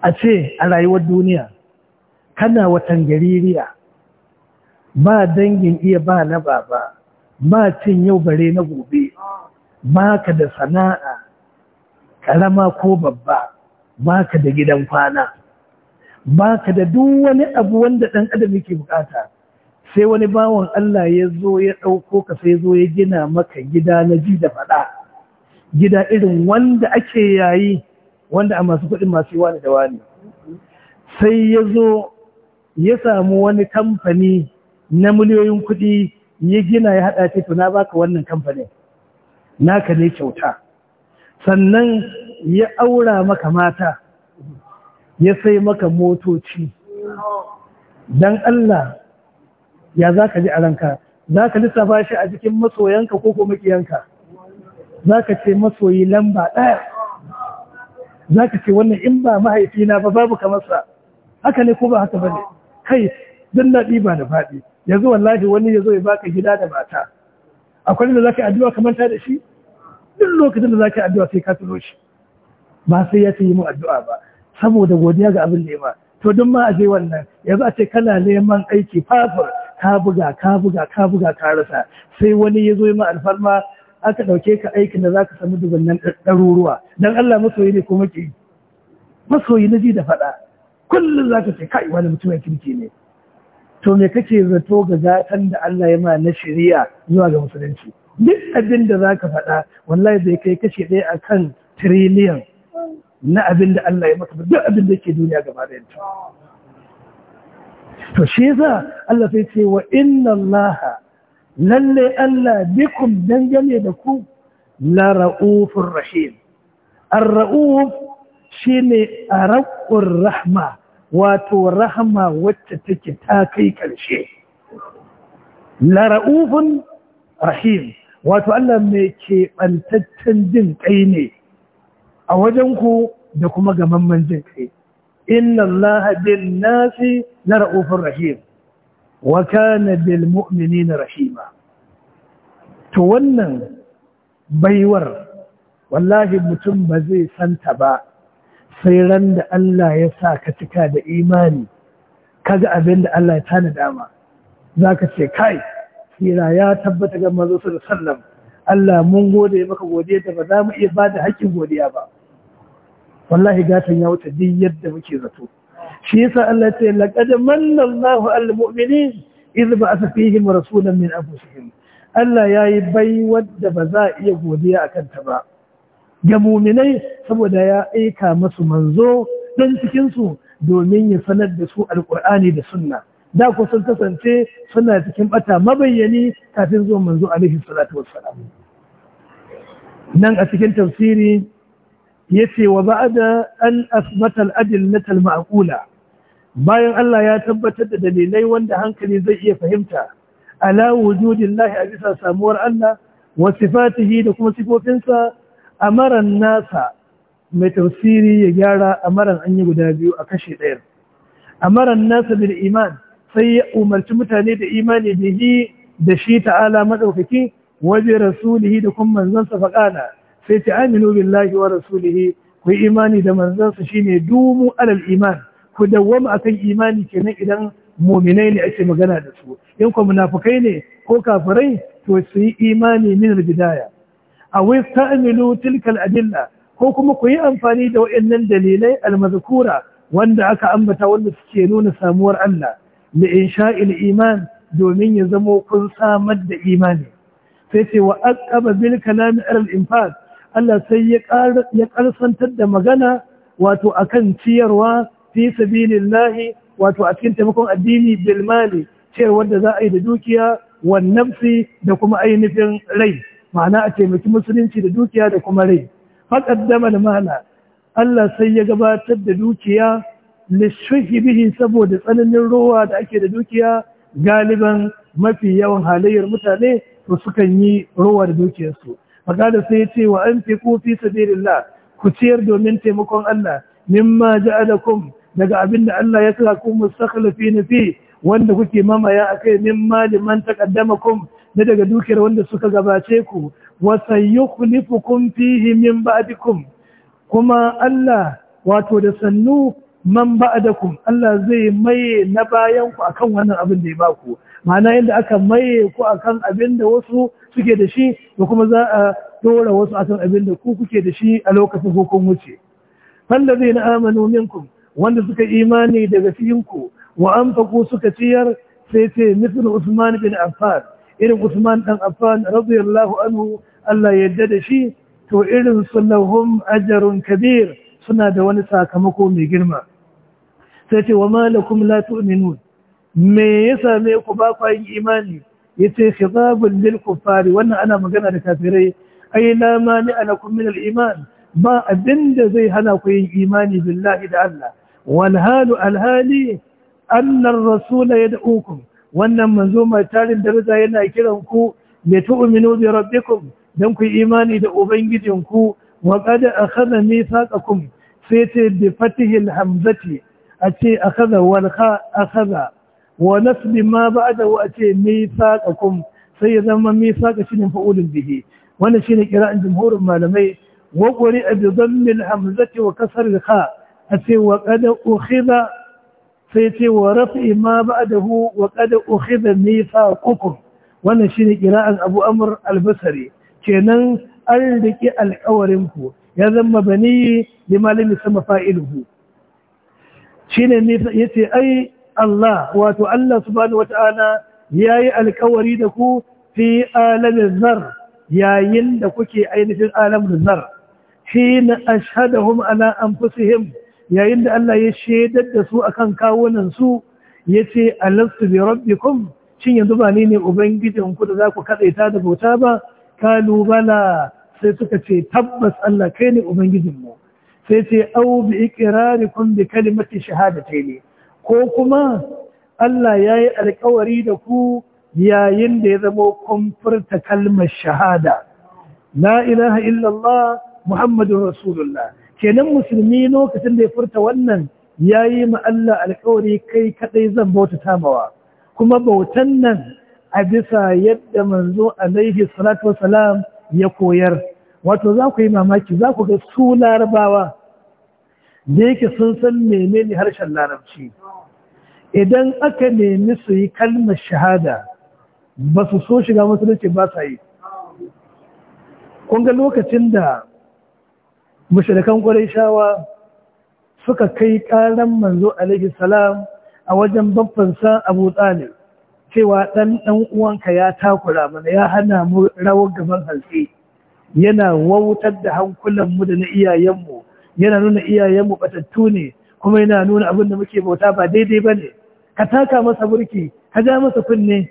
a ce a rayuwar duniya kana watan gaririya ba dangin iya ba na baba ba cin yau bare na gobe ba ka da sana'a karama ko babba ba ka da gidan kwana ba ka da duk wani abu wanda ɗan adam yake bukata sai wani bawan Allah ya zo ya ɗauko ka sai zo ya gina maka gida na ji da faɗa gida irin wanda ake yayi wanda a masu kuɗin masu wani da wani sai ya zo ya samu wani kamfani na miliyoyin kuɗi ya gina ya haɗa ce na baka wannan kamfanin naka ne kyauta sannan ya aura maka mata ya sai maka motoci don Allah ya za ka ji a ranka za ka lissafa shi a cikin masoyanka ko ko makiyanka za ka ce masoyi lamba ɗaya za ka ce wannan in ba mahaifina ba babu kamarsa haka ne ko ba haka ba ne kai don daɗi ba da faɗi yanzu wallahi wani ya zo ya baka gida da mata akwai da za ka addu'a kamar ta da shi duk lokacin da za ka addu'a sai ka tuno shi ba sai ya ce yi mu addu'a ba saboda godiya ga abin da ya ba to don ma a je wannan yanzu a ce kana neman aiki fafur ka buga ka buga ka buga ka rasa sai wani ya zo yi ma alfarma aka ɗauke ka aikin da za ka samu dubannan ɗaruruwa don Allah masoyi ne ko maki masoyi na ji da faɗa kullum za ka ce kai wani mutumin kirki ne to me kake zato ga gatan da Allah ya ma na shari'a zuwa ga musulunci duk abin da za ka faɗa wallahi zai kai kashe ɗaya akan tiriliyan na abin da Allah ya mata ba duk abin da yake duniya gaba da yanta to shi za Allah sai ce wa inna Allah lalle Allah bikum dangane da ku la ra'ufur rahim ar-ra'uf shine arqur rahma wato rahma wacce take ta kai karshe la ra'ufun rahim wato Allah mai ke bantaccen jin kai ne a wajen ku da kuma ga mamman jin kai inna Allah bil nasi na ra'ufin rahim wa kana bil mu'minina rahima to wannan baiwar wallahi mutum ba zai santa ba sai ran da Allah ya sa ka cika da imani kaga abin da Allah ya tana dama ka ce kai tsira ya tabbata ga manzo sallallahu alaihi Allah mun gode maka godiya da ba za mu iya bada hakkin godiya ba wallahi gatan ya wuce duk yadda muke zato shi yasa Allah ya ce laqad manna Allahu al mu'minin idh ba'atha fihim rasulan min anfusihim Allah yayi bai wadda ba za iya godiya akan ta ba ga mu'minai saboda ya aika masu manzo dan cikin su domin ya sanar da su alqur'ani da sunna da ku sun kasance suna cikin bata mabayyani kafin zuwan manzo alaihi salatu wassalam nan a cikin tafsiri yace wa ba'da an asbata al-adillata al-ma'qula bayan Allah ya tabbatar da dalilai wanda hankali zai iya fahimta ala wujudillahi a bisa samuwar Allah wa sifatihi da kuma sifofinsa amaran nasa mai tafsiri ya gyara amaran an yi guda biyu a kashe ɗaya amaran nasa bil iman sai ya umarci mutane da imani bihi da shi ta'ala madaukaki waje rasulihi da kuma manzon sa faqala sai ta aminu billahi wa rasulihi ku imani da manzansa shine dumu alal iman ku dawwama akan imani kenan idan muminai ne ake magana da su in ku munafukai ne ko kafirai to su yi imani min bidaya a wai ta'amilu tilkal adilla ko kuma ku yi amfani da waɗannan dalilai almazkura wanda aka ambata wanda suke nuna samuwar Allah li insha'il iman domin ya zamo kun samar da imani sai ce wa aqaba bil kalam al infaq Allah sai ya karsantar da magana wato akan ciyarwa fi sabilillahi wato a cikin taimakon addini bil mali ciyarwar da za a yi da dukiya wan nafsi da kuma ainihin rai ma'ana a taimaki musulunci da dukiya da kuma rai faqaddama al mala Allah sai ya gabatar da dukiya lishuhi bihi saboda tsananin ruwa da ake da dukiya galiban mafi yawan halayyar mutane to sukan yi ruwa da dukiyarsu faqala sai ce wa an fi sabilillah ku ciyar domin taimakon Allah mimma kum daga abinda Allah ya sa ku mustakhlifin fi wanda kuke mamaya akai mimma liman kum na daga dukiyar wanda suka gabace ku wa sayukhlifukum fihi min ba'dikum kuma Allah wato da sannu man ba'dakum Allah zai maye na bayan ku akan wannan abin da ya baku ma'ana yadda aka maye ku akan abin da wasu suke da shi da kuma za a dora wasu akan abin da ku kuke da shi a lokacin hukun wuce. wuce zai na amanu minkum wanda suka imani daga cikin ku wa anfaqu suka ciyar sai ce misal Usman bin Affan irin Usman dan Affan radiyallahu anhu Allah yadda da shi to irin sunnahum ajrun kabir suna da wani sakamako mai girma sai ce wa malakum la tu'minun me ya same ku ba ku yin imani yace khitabun lil kuffari wannan ana magana da kafirai ai la mani anakum min al iman ba abinda zai hana ku yin imani billahi da Allah wal halu al hali anna ar-rasula yad'ukum wannan manzo mai tarin daraja yana kiran ku li tu'minu bi rabbikum dan ku imani da ubangijinku wa qad akhadha mithaqakum sai ce bi fatihil hamzati a ce akhadha wal kha akhadha wa nasbi ma ba'dahu a ce mithaqakum sai ya zama mithaqa shine fa'ulun bihi wannan shine kira'an jumhurin malamai wa quri bi dhammi al-hamzati wa kasr al-kha a ce wa qad ukhidha sai ce wa rafi ma ba'dahu wa qad ukhidha mithaqukum wannan shine kira'an Abu Amr al-Basri kenan an riƙe alƙawarinku ya zama bani limalin sama fa'iluhu shi ne ya ce ai Allah wato Allah subhanahu wata'ala yayi alkawari da ku fi alamin zar yayin da kuke ainihin alamin zar hina ashhadahum ala anfusihim yayin da Allah ya shaidar da su akan kawunan su yace alastu bi rabbikum shin yanzu ba ne ubangijin ku da za ku kadaita da bauta ba kalu bala sai suka ce tabbas Allah kai ne ubangijin mu sai ce au bi iqrarikum bi kalimati ne. ko kuma Allah ya yi alkawari da ku yayin da ya zama kun kalmar shahada Na'ilaha ilaha illallah muhammadun rasulullah kenan musulmi lokacin da ya furta wannan ya yi ma Allah alkawari kai kadai zan bauta tamawa kuma bautan nan a bisa yadda manzo alaihi salatu wasalam ya koyar wato za ku yi mamaki za ku ga su larabawa da yake sun san mene ne harshen larabci idan aka nemi su yi kalmar shahada ba su so shiga musulunci ba sa yi kunga lokacin da mashirikan ƙwarai shawa suka kai ƙarar manzo alaihi salam a wajen babbansa abu talib cewa ɗan ɗan uwanka ya takura mana ya hana mu rawar gaban hantsi yana wautar da hankulanmu da na iyayenmu yana nuna iyayenmu batattu ne kuma yana nuna abin da muke bauta ba daidai ba ne ka taka masa burki ka ja masa kunne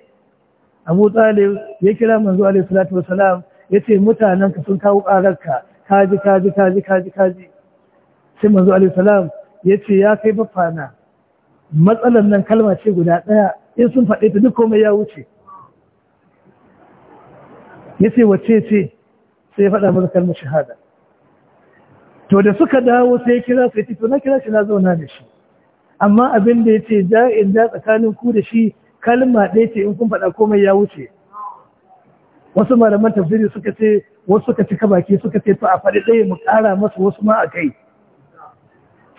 abu talib ya kira manzo alaihi salatu wasalam ya ce mutanen ka sun kawo ƙararka ji ka ji ka ji sai manzo alaihi salam ya ce ya kai bafana matsalar nan kalma ce guda ɗaya in sun faɗe ta duk komai ya wuce ya ce wace ce sai ya faɗa masa kalmar shahada to da suka dawo sai ya kira sai to na kira shi na zauna da shi amma abin da ya ce in ja tsakanin ku da shi kalma ɗaya ce in kun faɗa komai ya wuce wasu malaman tafsiri suka ce wasu suka cika baki suka ce to a faɗi ɗaya mu ƙara masa wasu ma a kai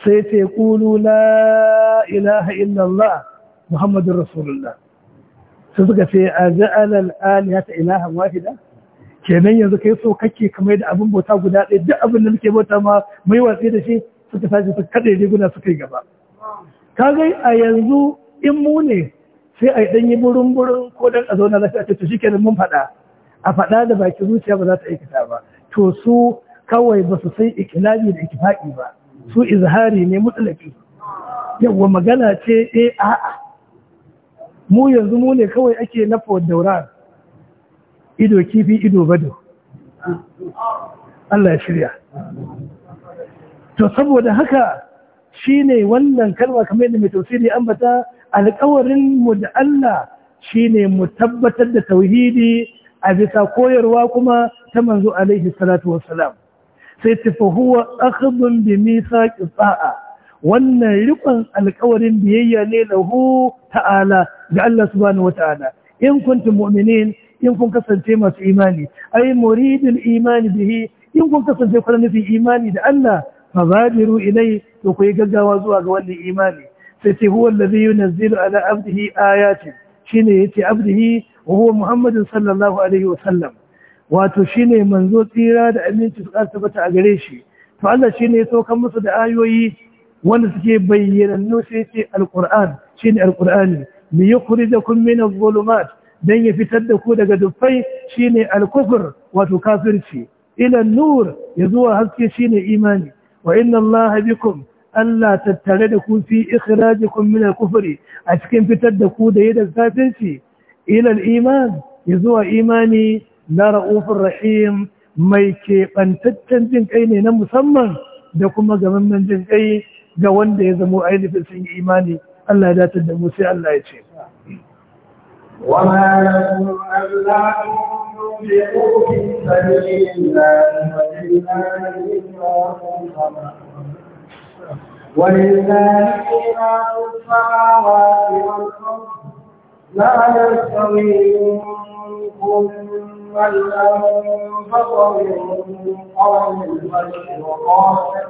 sai ce ƙulu la ilaha illallah muhammadun rasulullah sai suka ce a ja'alal alihata ilahan wahida kenan yanzu kai so kake kamar da abin bauta guda ɗaya duk abin da muke bauta ma mai watsi da shi suka tashi su kaɗe riguna suka yi gaba ka ga a yanzu in mu ne sai a yi ɗanyi burin burin ko dan a zauna lafiya ta to shi kenan mun faɗa a faɗa da bakin zuciya ba za ta aikata ba to su kawai ba su san ikilabi da ikifaƙi ba su izhari ne mutsalafi. yawwa magana ce eh a'a mu yanzu mu ne kawai ake nafa daura ido kifi ido bado Allah ya shirya to saboda haka shine wannan kalma kamar yadda mai tausiri ambata alƙawarin mu da Allah shine mu tabbatar da tauhidi a bisa koyarwa kuma ta manzo alaihi salatu wassalam sai tafi huwa akhdun bi mithaqi sa'a wannan rikon alƙawarin biyayya ne lahu ta'ala ga Allah subhanahu wata'ala in kuntum mu'minin in kun kasance masu imani ai muridul imani bihi in kun kasance kuna nufin imani da Allah fa badiru ilai to ku yi gaggawa zuwa ga wannan imani sai ce huwa allazi yunzilu ala abdihi ayatin shine yace abdihi wa huwa muhammadin sallallahu alaihi wa sallam wato shine manzo tsira da aminci su karta bata a gare shi to Allah shine ya saukar musu da ayoyi wanda suke bayyanannu sai ce alquran shine alqurani li yukhrijakum min adh-dhulumat don ya fitar da ku daga dufai shine alkufur wato kafirci ilan nur ya zuwa haske shine imani wa inna allaha bikum Allah tattare da ku fi ikhrajikum min Kufuri a cikin fitar da ku da yadda kafirci ila iman ya zuwa imani na ra'ufur rahim mai keɓantaccen jin kai ne na musamman da kuma gamamman jin kai ga wanda ya zamo ainihin sun yi imani Allah ya datar da mu sai Allah ya ce وما لكم ألا تنفقوا في سبيل الله ولله ولله ميراث السماوات والأرض لا يستوي منكم من أنفق من قوم الفتح وقاتل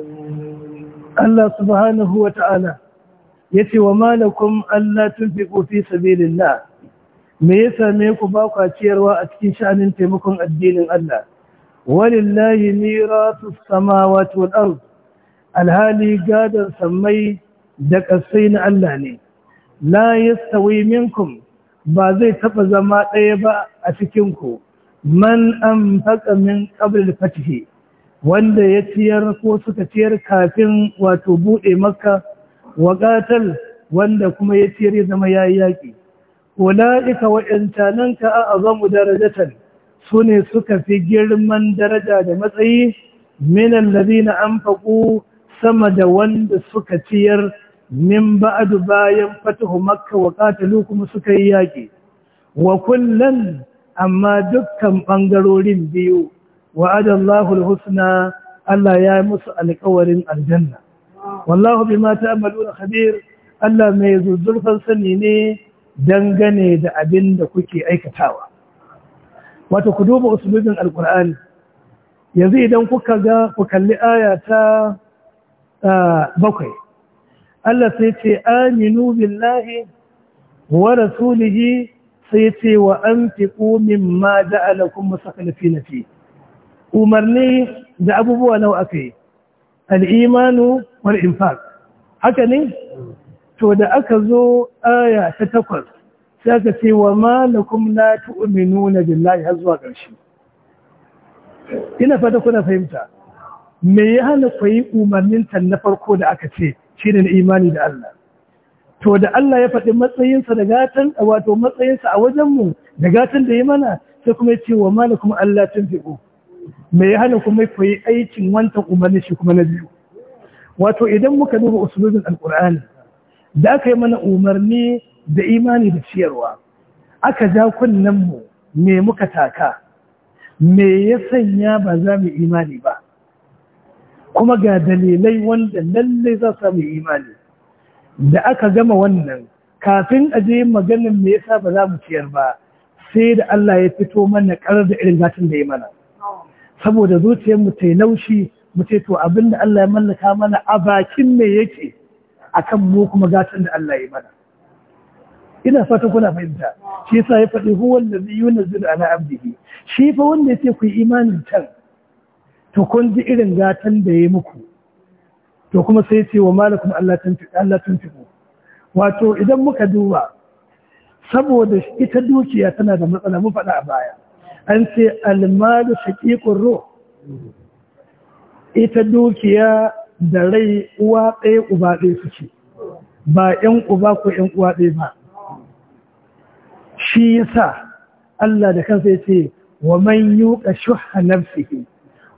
Allah subhanahu wa ta'ala ya ce wa malakum Allah tun fi ƙofi sabilillah me ya same ku ba kwaciyarwa a cikin sha'anin taimakon addinin Allah walillahi su sama wato ard alhali gadon sammai da ƙasai na Allah ne la yastawi minkum ba zai taɓa zama ɗaya ba a cikinku man an faƙa min ƙablar fatihi wanda ya ciyar ko suka ciyar kafin wato buɗe makka wa wanda kuma ya ciyar ya zama ya yi yaƙi wa wa'yancananka a azamu darajatan su ne suka fi girman daraja da matsayi minan lalina an faƙo sama da wanda suka ciyar min ba'adu bayan fatahu makka wa ƙatalu kuma suka yi yaƙi wa kullum amma dukkan ɓangarorin biyu wa'ada al husna Allah ya yi musu alƙawarin aljanna wallahu bima ta'maluna khabir Allah mai zuzzurfan sani ne dangane da abin da kuke aikatawa wato ku duba usulubin alqur'ani yanzu idan kuka ga ku kalli ayata bakwai Allah sai ce aminu billahi wa rasulihi sai ce wa anfiqu mimma ja'alakum na fihi umarni da abubuwa nawa aka yi al'imanu wani infaq haka ne to da aka zo aya ta takwas sai aka ce wa ma lakum la nuna billahi har zuwa ƙarshe ina fata kuna fahimta me ya hana kwayi umarninta umarnin na farko da aka ce shi na imani da Allah to da Allah ya faɗi matsayinsa da gatan wato matsayinsa a wajenmu da gatan da ya mana sai kuma ya ce wa ma tun fi tunfiqu Mai ya hana kuma ku yi aikin wantan umarni shi kuma na biyu wato idan muka duba usulubin alkur'ani da aka yi mana umarni da imani da ciyarwa aka ja kunnen mu me muka taka me ya sanya ba za mu imani ba kuma ga dalilai wanda lallai za su mu imani da aka gama wannan kafin a je maganin me yasa ba za mu ciyar ba sai da Allah ya fito mana karar da irin zatin da ya mana saboda zuciyarmu ta yi laushi mu ce to da Allah ya mallaka mana a bakin me yake akan mu kuma gatan da Allah ya mana ina fata kuna fahimta shi yasa ya faɗi huwa allazi yunzilu ala abdihi shi fa wanda ya ce ku yi imanin can to kun ji irin gatan da ya yi muku to kuma sai ce wa malakum Allah tun Allah wato idan muka duba saboda ita dukiya tana da matsala mu faɗa a baya an ce almalu shaƙiƙun ruh ita dukiya da rai uwa ɗaya uba ɗaya ce ba ‘yan uba ko ‘yan uwa ɗaya ba shi yasa Allah da kansa ya ce wa man yuka shuha nafsihi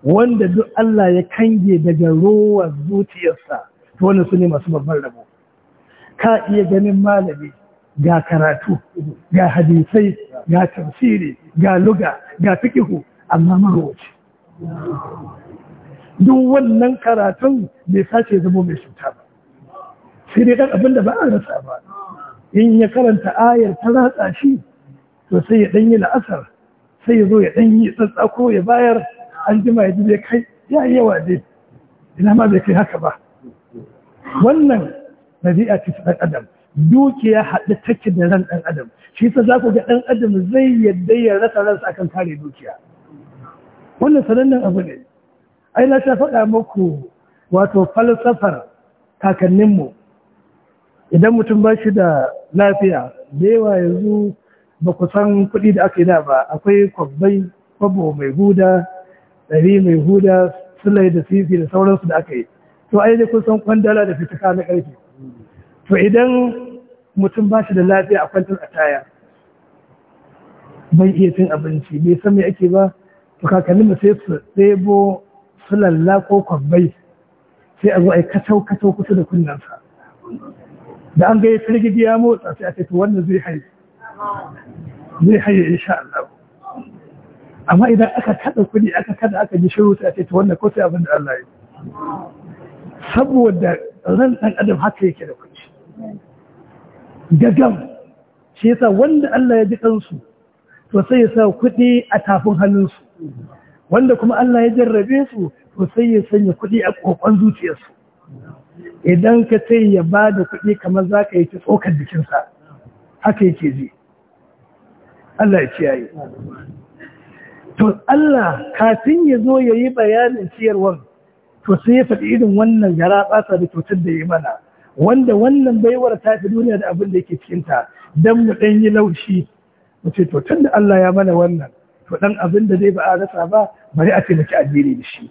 wanda duk Allah ya kange daga rowar zuciyarsa to wannan su ne masu babban rabo ka iya ganin malami ga karatu ga hadisai ga tafsiri ga luga ga fikihu amma marwaci duk wannan karatun bai sace zama mai cuta ba sai dai kan abin da ba a rasa ba in ya karanta ayar ta ratsa shi to sai ya ɗanyi la'asar sai ya zo ya ɗanyi tsatsa ko ya bayar an jima ya ji kai ya yi yawa dai ina ma bai kai haka ba wannan nabi'a ce ta adam dukiya haɗu take da ran ɗan adam shi sa za ku ga ɗan adam zai yadda ya rasa ransa akan kare dukiya wannan sanannen abu ne ai na ta faɗa muku wato falsafar kakanninmu idan mutum ba shi da lafiya da yawa yanzu ba ku san kuɗi da aka yi da ba akwai kwabbai kwabo mai huda ɗari mai huda sulai da sifi da sauransu da aka yi to ai dai kun san kwandala da fitaka na ƙarfe to idan mutum ba shi da lafiya a kwantar a taya bai iya cin abinci bai san me ake ba to kakannin mu sai su tsebo su lalla ko kwabbai sai a zo a yi kacau kacau kusa da kunnansa da an gaya firgidi ya motsa sai a ce to wannan zai haye zai haye insha Allah amma idan aka kada kudi aka kada aka ji shiru sai a ce to wannan ko sai abin da Allah ya saboda ran dan adam haka yake da kudi gagam shi yasa wanda Allah ya ji kansu to sai ya sa kuɗi a tafin hannunsu wanda kuma Allah ya jarrabe su to sai ya sanya kuɗi a kokon zuciyarsu idan ka ce ya ba da kuɗi kamar za ka yi ta tsokar jikinsa haka yake ji Allah ya ciyaye to Allah kafin ya zo ya yi bayanin ciyarwar to sai ya faɗi irin wannan gara ɓata da cutar da ya mana wanda wannan baiwar ta fi duniya da abin da yake cikinta don mu ɗan yi laushi mu ce to tun da Allah ya mana wannan to ɗan abin da zai ba a rasa ba bari a taimaki addini da shi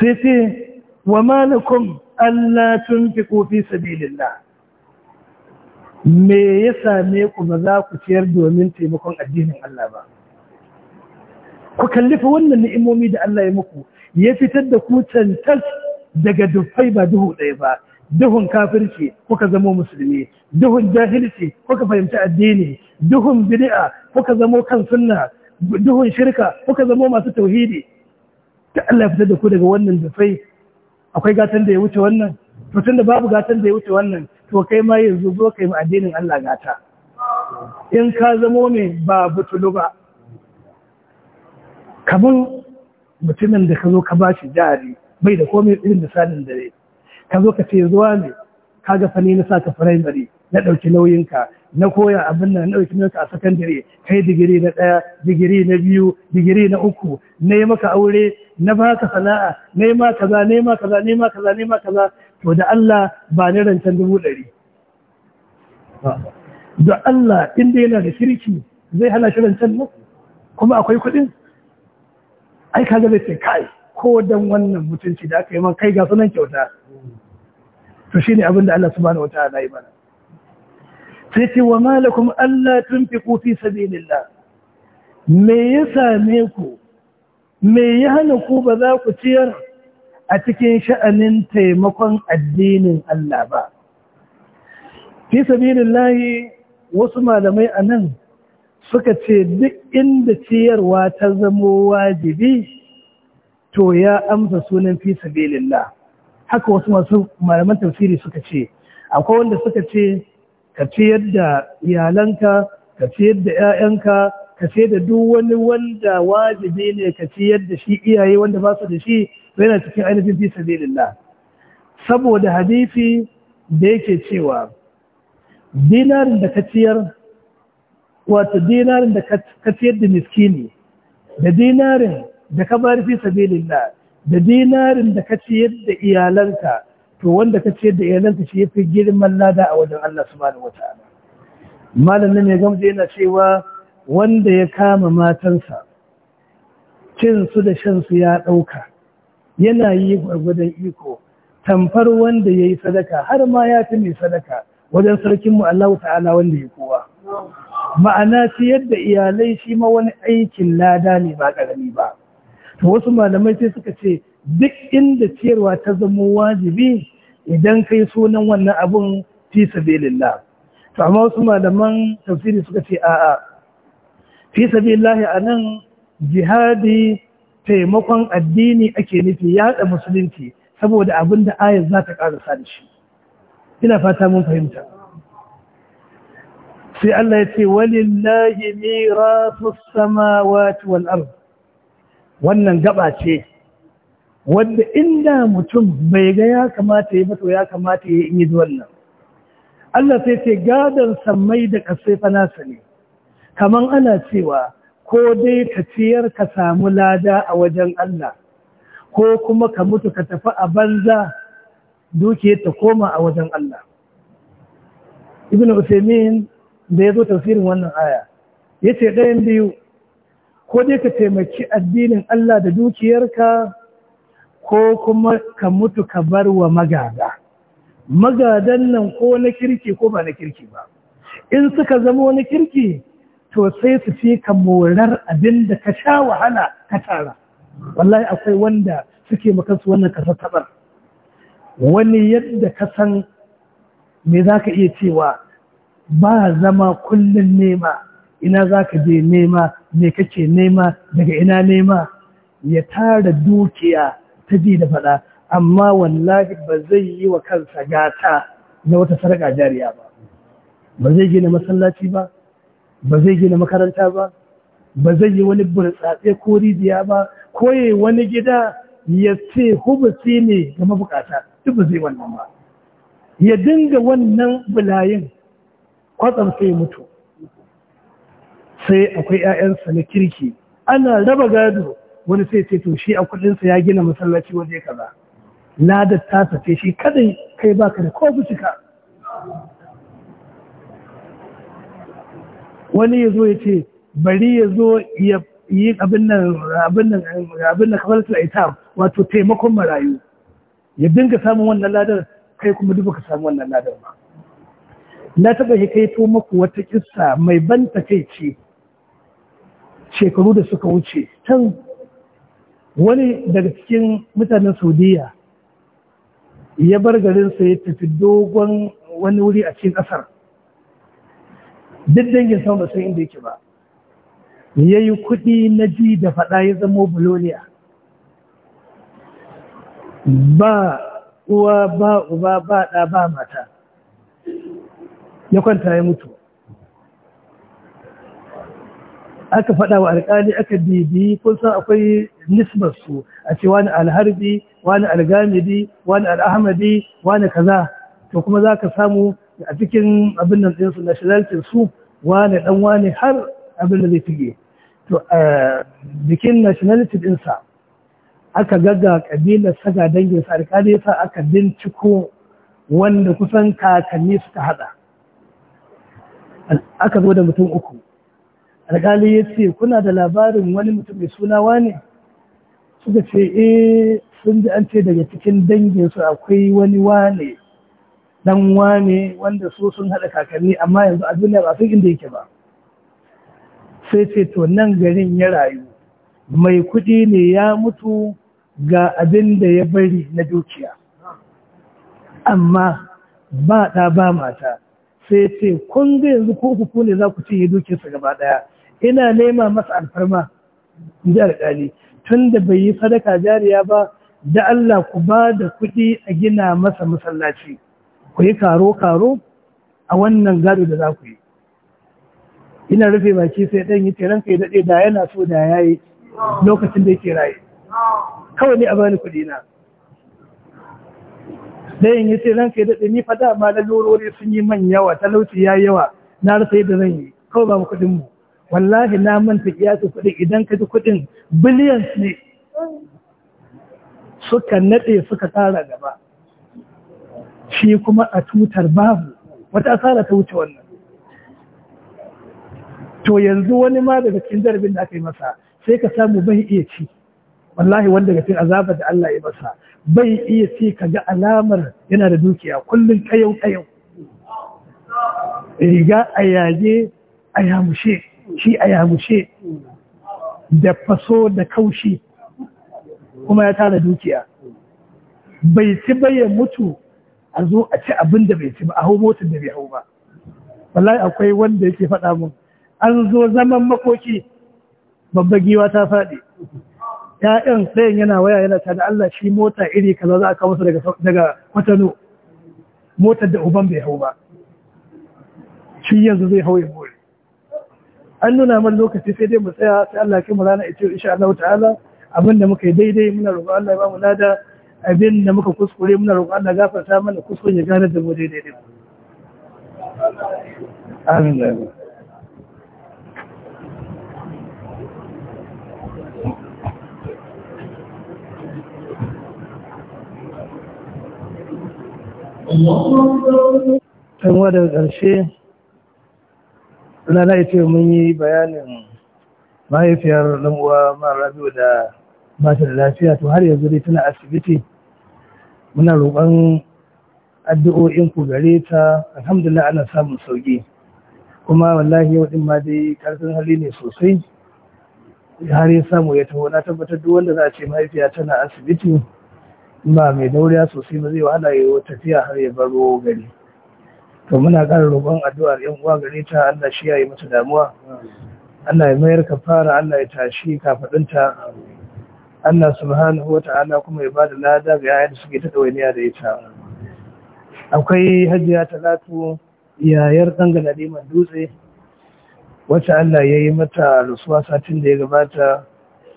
sai ce wa malakum Allah tun fi kofi sabilillah me ya same ku ba za ku ciyar domin taimakon addinin Allah ba ku kallifa wannan ni'imomi da Allah ya muku ya fitar da ku cantas daga dufai ba duhu ɗaya ba duhun kafirci kuka zamo musulmi duhun jahilci kuka fahimci addini duhun bid'a kuka zamo kan sunna duhun shirka kuka zamo masu tauhidi ta Allah fitar da ku daga wannan dufai akwai gatan da ya wuce wannan to da babu gatan da ya wuce wannan to kai ma yanzu zo kai ma addinin Allah gata in ka zamo mai ba butulu ba kamar mutumin da ka zo ka bashi jari bai da komai irin misalin dare ka zo ka ce zuwa ne ka ga fani na saka firamare na ɗauki nauyinka na koya abin nan na ɗauki nauyinka a sakandare kai digiri na ɗaya digiri na biyu digiri na uku na yi maka aure na baka sana'a na yi maka kaza na yi maka kaza na yi maka kaza na yi maka kaza to da Allah ba ni rancen dubu ɗari da Allah inda yana da shirki zai hana shi rancen nan kuma akwai kuɗin ai kaga zai ce kai ko dan wannan mutunci da aka yi man kai ga sunan kyauta to shi ne abinda Allah subhanahu wataala ya bana sai ce wa malakum Allah tun fi sabilillah me ya same ku me ya hana ku ba za ku ciyar a cikin sha'anin taimakon addinin Allah ba fi yi wasu malamai a nan suka ce duk inda ciyarwa ta zamo wajibi to ya amsa sunan fi sabilillah haka wasu masu malaman tafsiri suka ce akwai wanda suka ce ka ce yadda iyalanka ka ce yadda 'ya'yanka ka ce da duk wani wanda wajibi ne ka ce yadda shi iyaye wanda ba su da shi yana cikin ainihin fi sabilillah saboda hadisi da yake cewa dinarin da ka ciyar wato dinarin da ka ciyar da miskini da dinarin da ka bari fi sabilillah da dinarin da ka ciyar da iyalanka to wanda ka ciyar da iyalanka shi yafi girman lada a wajen Allah subhanahu wataala malamin ya gamsa yana cewa wanda ya kama matansa cin su da shan su ya ɗauka, yana yi gwargwadon iko tamfar wanda ya yi sadaka har ma ya fi mai sadaka wajen sarkinmu Allah ta'ala wanda ya kowa. Ma'ana ciyar da iyalai shi ma wani aikin lada ne ba ƙarami ba. to wasu malamai sai suka ce duk inda ciyarwa ta zama wajibi idan kai sunan wannan abun fi sabilillah to amma wasu malaman tafsiri suka ce a'a fi a nan jihadi taimakon addini ake nufi yada musulunci saboda abin da ayar za ta sa da shi ina fata mun fahimta sai Allah ya ce walillahi mirasu samawati wal ardh wannan gaba ce wanda inda mutum bai ga ya kamata ya mato ya kamata ya yi wannan Allah sai ce gadon sammai da ƙasai fanasa ne Kamar ana cewa ko dai ka ciyar ka samu lada a wajen Allah ko kuma ka mutu ka tafi a banza dukiyar ta koma a wajen Allah ibn Usaimin da ya zo tafsirin wannan aya yace ɗayan biyu ko dai ka taimaki addinin Allah da dukiyarka ko kuma ka mutu ka bar wa magada magadan nan ko na kirki ko ba na kirki ba in suka zama wani kirki to sai su fi ka morar abin da ka sha wahala ka tara wallahi akwai wanda suke makansu wannan kasa tabar wani yadda ka san me za ka iya cewa ba zama kullum nema ina za ka je nema me kake nema daga ina nema ya tara dukiya ta ji da faɗa amma wallahi ba zai yi wa kansa gata na wata sarƙa jariya ba ba zai gina masallaci ba ba zai gina makaranta ba ba zai yi wani burtsatse ko rijiya ba ko yi wani gida ya ce hubusi ne ga mabukata duk ba zai wannan ba ya dinga wannan bulayin kwatsam sai mutu sai akwai 'ya'yansa na kirki ana raba gado wani sai ce to shi a kudinsa ya gina masallaci waje kaza ladar ta shi kadai kai baka da ko cika wani ya zo ya ce bari ya zo ya yi abin nan su aitam wato taimakon marayu ya dinga samun wannan ladar kai kuma duk ka samu wannan ladar ba na taba hikaito maku wata kissa mai ban takeici shekaru da suka wuce can wani daga cikin mutanen saudiya ya bar garinsa ya tafi dogon wani wuri a cikin ƙasar duk dangin sama ba san inda yake ba ya yi kuɗi na ji da faɗa ya zamo bologna ba uwa ba uba ba ɗa ba mata ya kwanta ya mutu aka faɗawa wa aka bibi kun san akwai nisbar su a ce wani alharbi wani algamidi wani al'ahmadi wani kaza to kuma za ka samu a cikin abin nan ɗinsu nationality su wani ɗan wani har abin da zai fige to a bikin nationality ɗinsa aka gaga ƙabilar saga dangin sa alƙali yasa aka binciko wanda kusan kakanni suka haɗa aka zo da mutum uku alƙali ya ce kuna da labarin wani mutum mai suna wane suka ce eh sun ji an ce daga cikin danginsu akwai wani wane dan wane wanda su sun haɗa kakanni amma yanzu a duniya ba sun inda yake ba sai ce to nan garin ya rayu mai kuɗi ne ya mutu ga abin da ya bari na dukiya amma ba ɗa ba mata sai ce kun ga yanzu ko ku ne za ku cinye dukiyarsa gaba ɗaya ina nema masa alfarma in ji alƙali tun da bai yi sadaka jariya ba da Allah ku ba da kuɗi a gina masa masallaci ku yi karo-karo a wannan gado da za ku yi ina rufe baki sai ɗan yi tiran kai daɗe da yana so da ya lokacin da yake raye kawai ne a bani kuɗi na ɗayan yi teran kai daɗe ni fa ma lalurori sun yi manyawa, talauci yayi yawa na rasa yadda zan yi kawai ba mu kuɗin mu wallahi na manta kiyasu kuɗi idan ka ji kuɗin billions ne suka naɗe suka tsara gaba shi kuma a tutar babu wata asara ta wuce wannan to yanzu wani ma daga cikin zarafin da aka yi masa sai ka samu bai iya ci wallahi wanda daga cikin azabar da Allah ya masa bai iya ci ka ga alamar yana da dukiya kullum kayau kayau riga a yage a yamushe shi a yamushe da faso da kaushi kuma ya tara dukiya bai ci ya mutu a zo a ci abin da bai ci ba a hau motar da bai hau ba wallahi akwai wanda yake faɗa mun an zo zaman makoki babba giwa ta faɗi ya'yan ɗayan yana waya yana ta da Allah shi mota iri kaza za a kawo su daga kwatano motar da uban bai hau ba shi yanzu zai hau ya an nuna man lokaci sai dai mu tsaya sai Allah ya kai mu rana ita insha Allah ta'ala abinda muka yi daidai muna roƙon Allah ya ba mu lada abin da muka kuskure muna roƙon Allah gafarta mana kuskuren ya gane da mu daidai din amin Tanwa daga ƙarshe rana ya ce mun yi bayanin mahaifiyar lamuwa Rabi'u da ba ta da lafiya to har yanzu dai tana asibiti muna roƙon addu'o'in ku gare ta alhamdulillah ana samun sauƙi, kuma wallahi yau din ma dai karfin hali ne sosai har ya samu ya taho na tabbatar duk wanda za a ce mahaifiya tana asibiti ba mai dauriya sosai ba zai wahala ya tafiya har ya baro gari to muna ƙara roƙon addu'ar yan uwa gare ta Allah shi ya yi mata damuwa Allah ya mayar ka fara Allah ya tashi kafaɗinta Allah subhanahu wa kuma ya ba da lada ga yayin da suke ta ɗawainiya da ita akwai hajiya talatu yayar dangana liman dutse wacce Allah ya yi mata rusuwa satin da ya gabata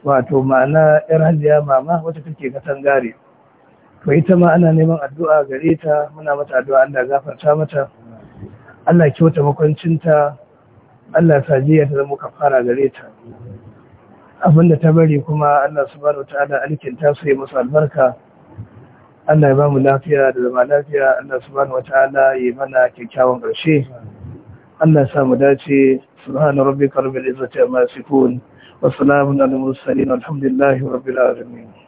wato ma'ana yar hajiya mama wacce take katangare to ita ma ana neman addu'a gare ta muna mata addu'a Allah gafarta mata Allah kyauta makwancinta Allah sa jiya ta zama kafara gare ta abinda ta bari kuma Allah subhanahu wataala alkinta su yi musu albarka Allah ya ba mu lafiya da zama lafiya Allah subhanahu wataala ya mana kyakkyawan ƙarshe Allah ya sa mu dace subhana rabbika rabbil izzati amma yasifun wa salamun alal mursalin alhamdulillahi rabbil alamin